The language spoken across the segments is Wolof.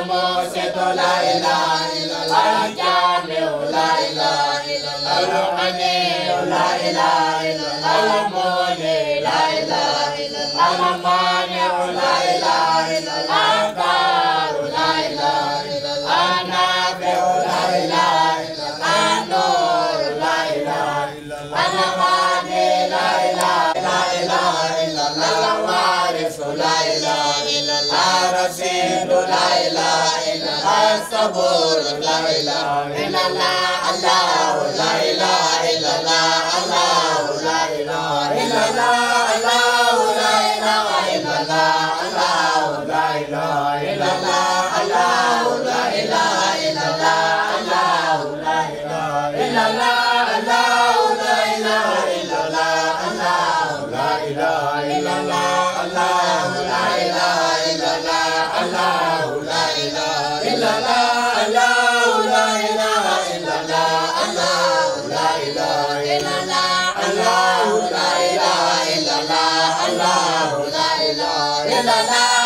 Alamane, la ilaha illallah. رشيد لا إله إلا الله صبور لا إله إلا الله الله لا إله إلا الله الله لا إله إلا الله la la.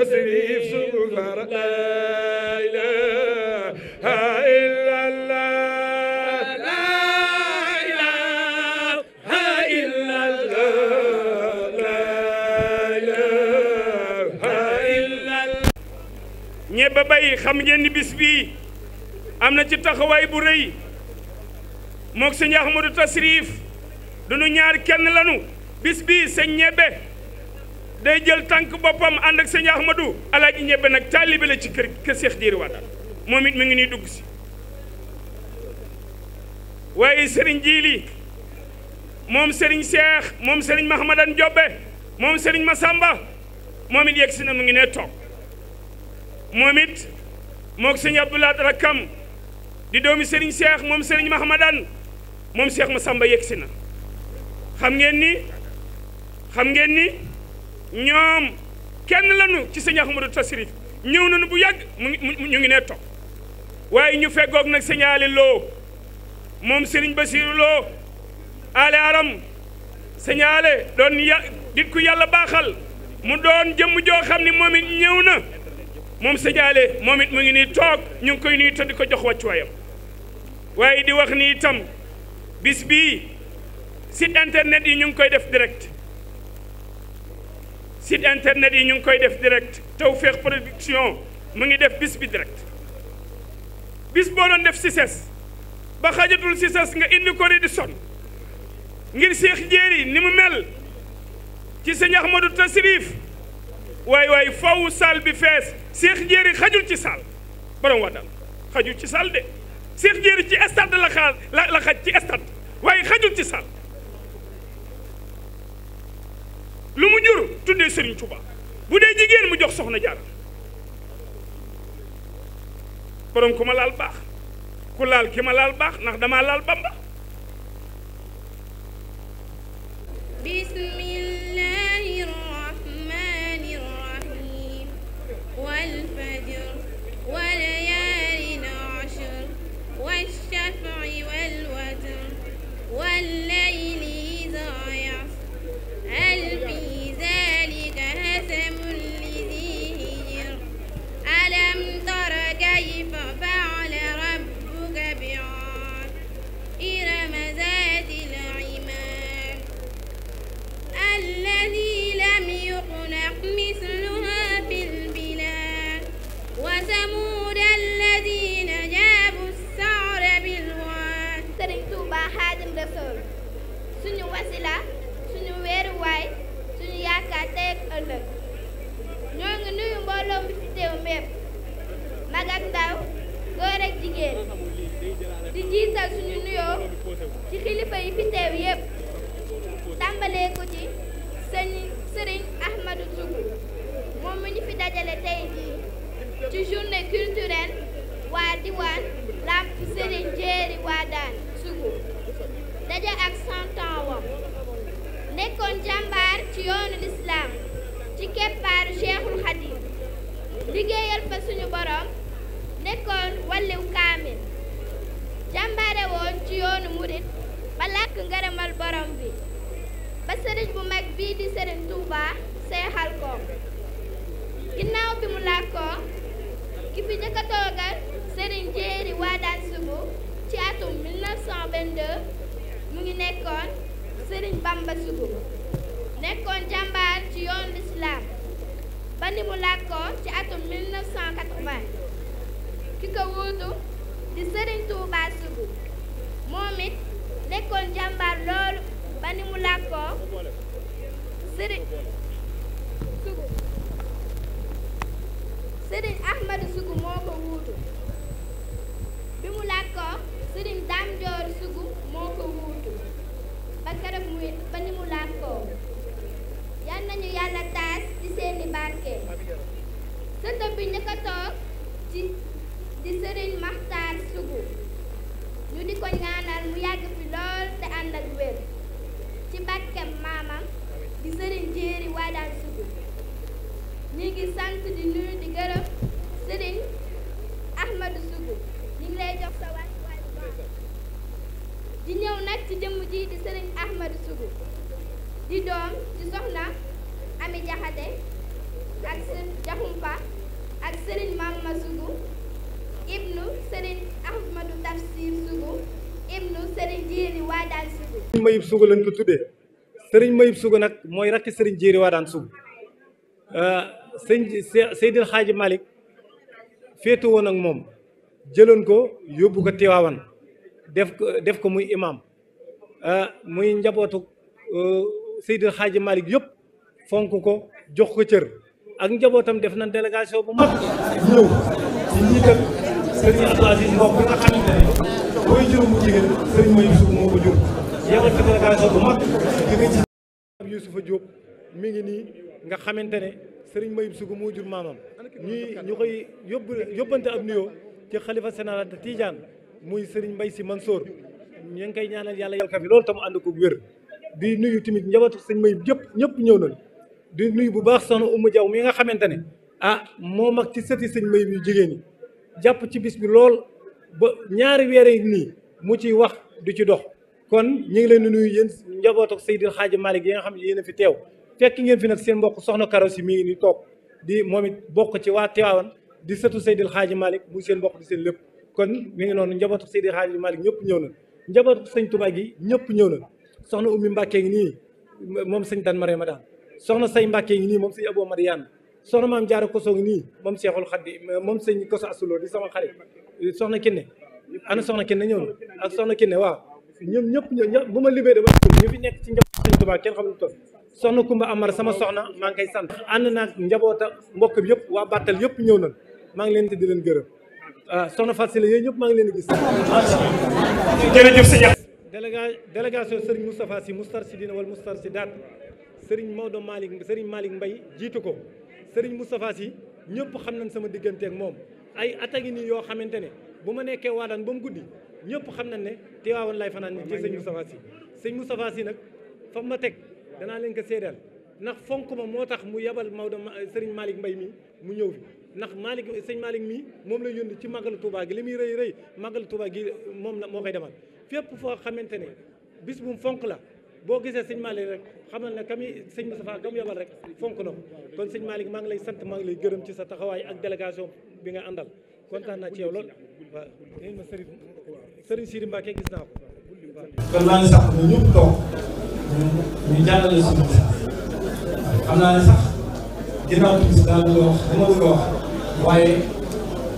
تسريف سفر bay xam ngeen ni am na ci taxawaay bu rëy mook sëñ Ahmadou Tasrif du ñu ñaar kenn lanu bis bii sëñ day jël tànk boppam ànd ak sëñ Ahmadou alaaji ñebbe nak taalibe la ci kër kër Seex Diéry Wadane moom it mi ngi nuy dugg si waaye sëriñ Jiili moom sëriñ Seex moom sëriñ Mahamadan Jobbe moom sëriñ Masamba moom it yegg si na mu ngi ne toog moom it moog sëñ Abdoulaat rakkam di doomi sëriñ Seex moom sëriñ Mahamadan moom Seex Masamba yegg si na xam ngeen ni xam ngeen ni ñoom kenn lañu ci sëñ Ahmadou Tasrif ñëw nañu bu yàgg mu ngi ñu ngi nee toog waaye ñu feggoog nag signalé loo moom Serigne Bassirou loo ale aram signalé doon ya dit yàlla baaxal mu doon jëmm joo xam ni moomit it ñëw na moom signalé moom it mu ngi nii toog ñu ngi koy nuyu te di ko jox wàccuwaayam waaye di wax nii itam bis bii site internet yi ñu ngi koy def direct site internet yi ñu ngi koy def direct Tawfekh production mu ngi def bis bi direct bis boo doon def si CICES ba xajatul CICES nga indi ko di son ngir Cheikh Jéeri ni mu mel ci sëñ Ahmadou Tasrif waaye waaye faw saal bi fees Cheikh Jéeri xajul ci saal borom waddal xajul ci saal de Cheikh Jéeri ci stade la xaal la xaj ci stade waaye xajul ci saal tuddee Serigne Touba bu dee jigéen mu jox soxna Jaara borom ku ma laal baax ku laal ki ma laal baax ndax dama laal Bamba mag ak ndaw góor ak jigéen di jiital suñu nuyoo ci xilifa yi fi teew yépp tàmbalee ko ci sëñ sëriñ Ahmadou Sougou moom mi ñu fi dajale tey jii ci journée culturelle waa diwaan làmp sëriñ jéeri waa daan Sougou daja ak cent ans wam nekkoon jàmbaar ci yoonu lislaam ci keppaaru Cheikhul Khadim liggéeyal fa suñu borom nekkoon walliw kaamil jàmbaare woon ci yoonu murit ba làkk ngërëmal borom bi ba sëriñ bu mag bii di sëriñ Touba seexal ko ginnaaw bi mu làkkoo ki fi njëkk a toogal sëriñ Jéeri Waadaan ci atum mu ngi nekkoon sëriñ Bamba Sugu nekkoon jàmbaar ci yoonu lislaam ba ni mu làkkoo ci atum ki ko wuutu di sëriñ Tuubaa Sugu moom it nekkoon jàmbaar loolu ba ni mu làkkoo sëriñ Sugu sëriñ Ahmadu Sugu moo ko wuutu bi mu làkkoo sëriñ Daam Joor Sugu moo ko wuutu ba keroog muy ba ni mu làkkoo yal nañu yàlla taas ci seeni barke sëtam bi njëkk a toog ci di sëriñ Maxtaar Sugu ñu di ko ñaanal mu yàgg fi lool te ànd ak wér ci bàkkem maamam di sëriñ Jéeri Waadaan Sugu ñi ngi sant di nuyu di gërëm sëriñ Ahmadu Sugu ñu ngi lay jox sa wàcc ñëw nag ci jëmm ji di sëriñ Ahmadu Sugu di doom ci soxna Ami Jaxate ak sëriñ Jaxumpa ak sëriñ Mamma Sugu ibnu sëriñ ahmadu tafsir sugu ibnu sëriñ jéeri waadaan sugu sëriñ mayib sugu lañ ko tuddee sëriñ mayib sugu nag mooy rakki sëriñ jéeri waadaan sugu euh, sëñ seydil xaaji malik féetu woon ak moom jëloon ko yóbbu ko tiwaawan def ko def ko muy imam euh, muy njabootu euh, seydil xaaji malik yëpp fonk ko jox ko cër ak njabootam def na délégation bu mag ñëw ci njiital sëriñ Abdou Aziz bi nga moo jur ngi nii nga xamante ne sëriñ May Youssouf moo jur maamam ñuy ñu koy yóbbante ab nuyoo ci xalifa général de Tidiane muy sëriñ Mbaye si Mansour ñu ngi koy ñaanal yàlla yàlla kafi loolu tam ànd ko wér di nuyu tamit njabootu sëñ May yëpp ñëpp ñëw nañ di nuyu bu baax soxna Oumou Diaw mi nga xamante ne ah moo mag ci sëti sëñ May yu jigéen ñi jàpp ci bis bi lool ba ñaari weer yi nii mu ciy wax du ci dox kon ñu ngi leen di nuyu yéen njaboot ak Seydil Xaaji Malick yi nga xam ne yéen a fi teew fekk ngeen fi nag seen mbokk soxna Karo si mi ngi ni toog di moom it bokk ci waa Tiwaawan di sëtu Seydil Xaaji malik muy seen mbokk di seen lépp kon mi ngi noonu njabootu Seydil Xaaji Malick ñëpp ñëw na njabootu sëñ Tuubaa gi ñëpp ñëw na soxna Ummi Mbàkke ngi nii moom sëñ Tan ma daan soxna say Mbàkke ngi nii moom sëñ Aboo Madiyaan soxna maam jaar koso ngi nii moom seexul xaddi moom sëñ koso asuloo di sama xarit soxna kinne ana soxna kinne ñëw na ak soxna kinne waaw ñoom ñëpp ñoo bu ma libéré ba ñu nekk ci njaboot sëñ Tuubaa kenn xamul toog soxna Kumba sama soxna maa ngi koy sant ànd naag njaboota mbokk bi yëpp waa Battal yëpp ñëw na maa ngi leen di leen gërëm ah soxna Fatou la yooyu ñëpp maa ngi leen di gis. jërëjëf sëñ déléga délégation Serigne Moustapha Sy Moustarchidine wala Moustarchidaat Serigne Maodo Malick Serigne Malick mbay jiitu ko. Serigne Moustapha Sy ñëpp xam nañ sama digganteek moom ay atagi nii yoo xamante ne bu ma nekkee waadaan ba mu guddi ñëpp xam nañ ne teewaawoon lay fanaan ni ci sëñ Moustapha Sy sëñ Moustapha yi nag fa ma teg danaa leen ko seedal ndax fonk ma moo tax mu yebal Maodo Serigne Malick mbay mi mu ñëw fi ndax Malick sëñ Malick mii moom la yónni ci màggalu Touba gi li muy rëy rëy màggalu Touba gi moom la moo koy demal fépp foo xamante ne bis bu mu fonk la boo gisee siñ Malick rek xamal ne kami sëñ Moustapha gam yabal rek fonk na kon sëñ Malick maa ngi lay sant maa ngi lay gërëm ci sa taxawaay ak délégation bi nga àndal kontaan naa ci yow lool waaw nee ma sëriñ sëriñ Sidi Mbacke gis naa ko kon maa ngi sax ñu ñëpp toog ñu naa ne wax dama bëgg wax waaye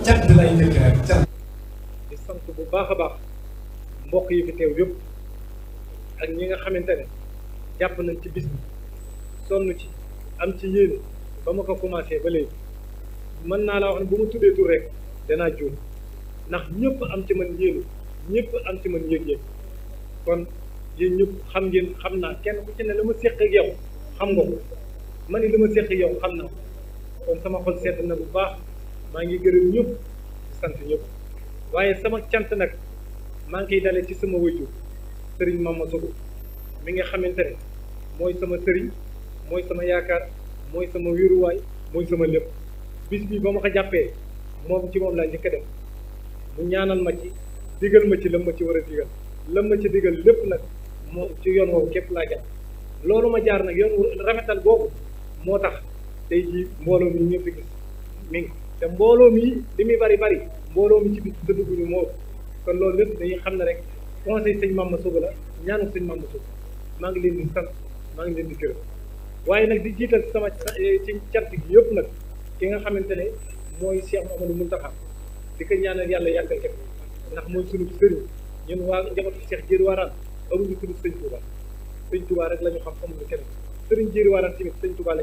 cat bi lay njëkk rek cat di sant bu baax a baax mbokk yi fi teew yëpp ak ñi nga xamante ne jàpp nañ ci bis bi sonn ci am ci yéene ba ma ko commencé ba léegi mën naa laa wax ne bu ma tuddee tur rek danaa juum ndax ñëpp am ci man yéene ñëpp am ci man yëg-yëg kon yéen ñëpp xam ngeen xam naa kenn ku ci ne la ma séq yow xam nga ko ma ni la ma séq yow xam na kon sama xol set na bu baax maa ngi gërëm ñëpp sant ñëpp waaye sama cant nag maa ngi koy dalee ci sama wajur sëriñ Mamadou Sow mi nga xamante ne mooy sama sëriñ mooy sama yaakaar mooy sama wéruwaay mooy sama lépp bis bi ba ma ko jàppee moom ci moom laa njëkk a dem mu ñaanal ma ci digal ma ci lam ma ci war a digal lam ma ci lépp nag moom ci yoon woowu képp laa jàpp loolu ma jaar nag yoon rafetal boobu moo tax tey jii mbooloo mi ñëpp gis mi te mbooloo mi li muy bari bari mbooloo mi ci bis dëdduguñu moo kon loolu lépp dañuy xam ne rek conseil sëñ Mame Massouga la ñaanu sëñ Mame Massouga maa ngi leen di sant maa ngi leen di gërëm waaye nag di jiital sama eh, ci cant gi yëpp nag ki nga xamante ne mooy Cheikh Amadou Mountakha di ko ñaanal yàlla yàggal ko ndax mooy sunu sëriñ ñun waa njabootu Cheikh Jéeri Waaraan amuñu sunu sëñ rek la xam xamuñu keneen sëriñ Jéeri Waaraan tamit sëñ Touba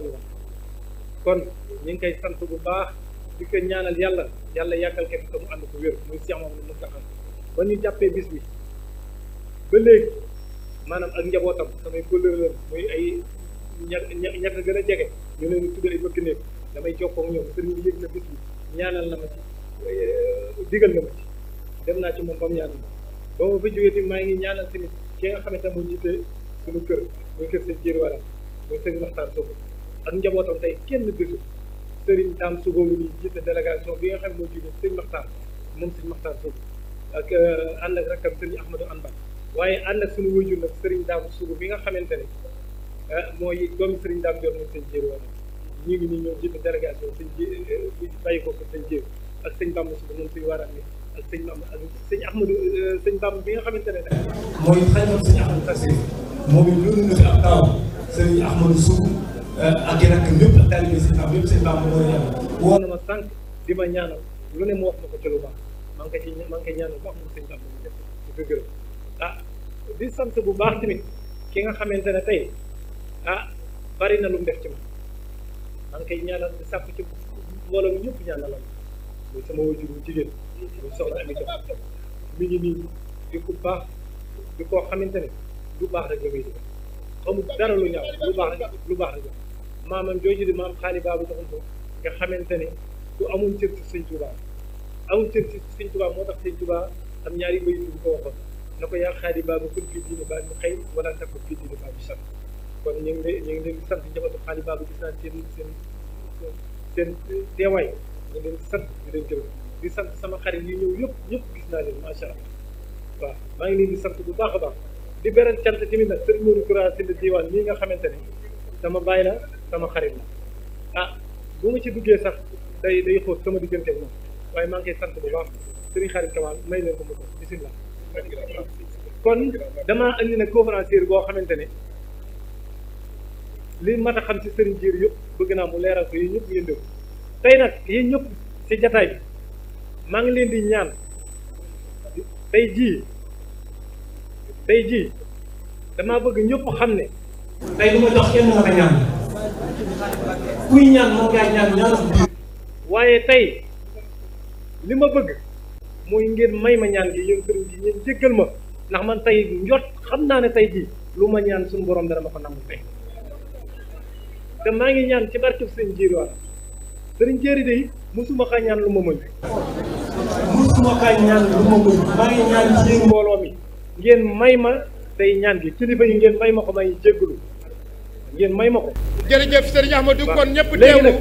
kon ñu ngi koy sant bu baax di ko ñaanal yàlla yàlla yàggal ko te mu ànd ko wér muy Cheikh Amadou Mountakha ba ñu jàppee bis bi. ba léegi maanaam ak njabootam samay kóllëre la muy ay ña ña gën a jege ñu leen di tuddee ay bëkk néeg damay jokkoo ak ñoom sëriñ bi yëg na bis bi ñaanal na ma ci euh, digal na ma ci dem naa ci moom ba mu ñaanal ba ma ngi ñaanal tamit ki nga xamante ne moo jiite suñu kër muy kër seen jiir sëriñ Maxtaar kenn bésu sëriñ Dame Sougou mi bi nga xam moo jiite sëriñ Maxtaar moom sëriñ Maxtaar Sow ak euh, ànd ak rakkam sëriñ Ahmadou Anba waaye ànd ak suñu wëjur nag sëriñ daam sugu bi nga xamante ne ah, mooy doomi sëriñ daam jor nag ngi nii ñoo jiite délégation sëñ ji eh, eh, bàyyi ko ko sëñ jéer ak sëñ bàmb sugu moom suñu waaraat eh, bi nga xamante ne nag mooy xañoon moom sëriñ ahmadu sugu ak yéen ak ñëpp ak taalibe sëñ bàmb yëpp sëñ bàmb mooy yàlla woo na ma sànq di ma ñaanal lu ne mu wax ma ko ci lu baax maa ngi koy maa ngi koy ñaanal baax mu def di ah di sant bu baax tamit ki nga xamante ne tey ah bari na lu mu def ci man maa ngi koy ñaanal di sàkku ci mbooloo mi ñëpp ñaanalal muy sama jigéen muy soxna Ami nii di ku baax di koo xamante ne lu baax rek la muy def xamul dara lu ñaaw lu baax rek lu baax rek maamam jooju di maam xaali baabu joxum ko nga xamante ne ku amul cër ci sëñ Tuubaa amul cër ci sëñ Tuubaa moo tax sëñ Tuubaa am ñaari bayit bu ko na ko yaa xaari baabu kun fii diine baabu xëy wala takun fii diine baabu sant kon ñu ngi leen ñu ngi leen sant njabootu xaari baabu gis naa seen seen seen teewaay ñu leen di sant sama xarit yi ñëw yëpp yëpp gis naa leen macha allah waaw maa ngi leen sant bu baax a baax di beral cant tamit nag sëriñ Modou Koura Sylla Diwane mii nga xamante ne sama bàyyi la sama xarit la ah bu ma ci duggee sax day day xóot sama diggante ak moom waaye maa ngi sant bu baax sëriñ xarit Kamal may leen ko mu ko bisimilah kon damaa andi nag conférencier boo xamante ne li mat a xam ci sëriñ jiir yëpp bëgg naa mu leeral ko yéen ñëpp ngeen déglu tey nag yéen ñëpp ci jataay maa ngi leen di ñaan tey jii tey jii damaa bëgg ñëpp xam ne tey lu ma jox kenn mën a ñaan kuy ñaan waaye tey li ma bëgg mooy ngeen may ma ñaan gi yéen sëriñ gi ngeen jéggal ma ndax man tey njot xam naa ne tey jii lu ma ñaan suñu borom dana ma ko nangu tey te maa ngi ñaan ci barkeb sëriñ Jéeri wala sëriñ Jéeri lu ma mbooloo mi ngeen may ma tey ñaan gi kilifa yi ngeen may ma ko may jéggalu ngeen may ma ko jërëjëf sëriñ Ahmadou kon ñëpp teewu léegi nag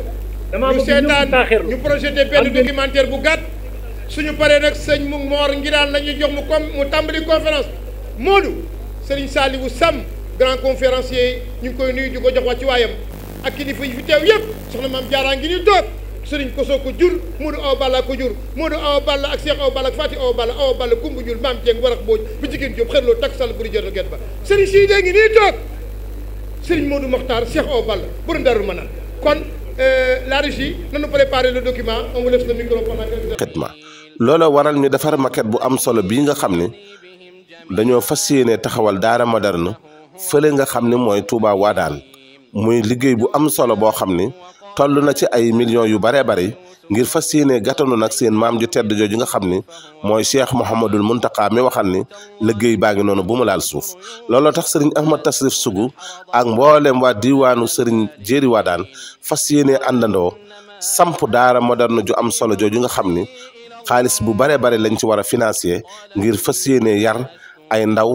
dama am ñu seetaan ñu projeté benn documentaire bu gàtt suñu paree nag sëñ mu moor ngiraan la ñuy jox mu comme mu tàmbali conférence Modou sëriñ Saliou Sam grand conférencier ñu ngi koy nuyu di ko ci wàccu waayam ak kilifa yi fi teew yëpp soxna maam jaaraa ngi ñu toog sëriñ Koso ko jur Modou Awa Balla ko jur Modou Awa Balla ak Cheikh Awa Balla ak Fati Awa Balla Awa Balla Kumba jur maam Dieng warax booj bu jigéen Diop xërloo tak sall buri jër get ba sëriñ sii dée ngi nii toog sëriñ Modou Mokhtar ma naan kon euh, la régie nañu loola waral ñu defaree maquette bu am solo bii nga xam ne dañoo fas yéene taxawal daara moderne fële nga xam ne mooy waa Wadaan muy liggéey bu am solo boo xam ni toll na ci ay millions yu baree bari ngir fas yéene gàttanu nag seen maam ju tedd jooju nga xam ni mooy Cheikh Mouhamadul Mountakha mi waxal ni liggéey baa ngi noonu bu mu laal suuf looloo tax sëriñ Ahmad Tasrif Sougou ak mboolem waa diwaanu sëriñ Jéeri Wadaan fas yéene àndandoo samp daara moderne ju am solo jooju nga xam ni xaalis bu bare bare lañ ci war a financer ngir fas yéene yar ay ndaw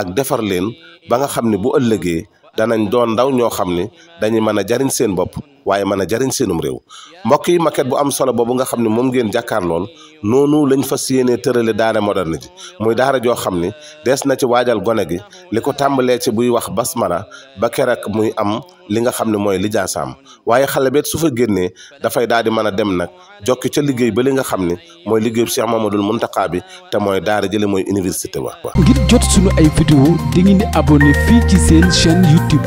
ak defar leen ba nga xam ne bu ëllëgee danañ doon ndaw ñoo xam ne dañuy mën a jariñ seen bopp waaye mën a jariñ seenum réew mbokk yi maquette bu am solo boobu nga xam ne moom ngeen jàkkaar lool noonu lañ fas yéenee tërale daara moderne ji muy daara joo xam ni dees na ci waajal gone gi li ko tàmbalee ci buy wax basmala ba keroog muy am li nga xam ne mooy lijaasaam waaye xale beet su fa génnee dafay daal di mën a dem nag jokki ca liggéey ba li nga xam ne mooy liggéey Cheikh Mamadou Mountakha bi te mooy daara jële mooy université wa ngir jot suñu ay vidéo di ngeen di abonné fii ci seen chaîne YouTube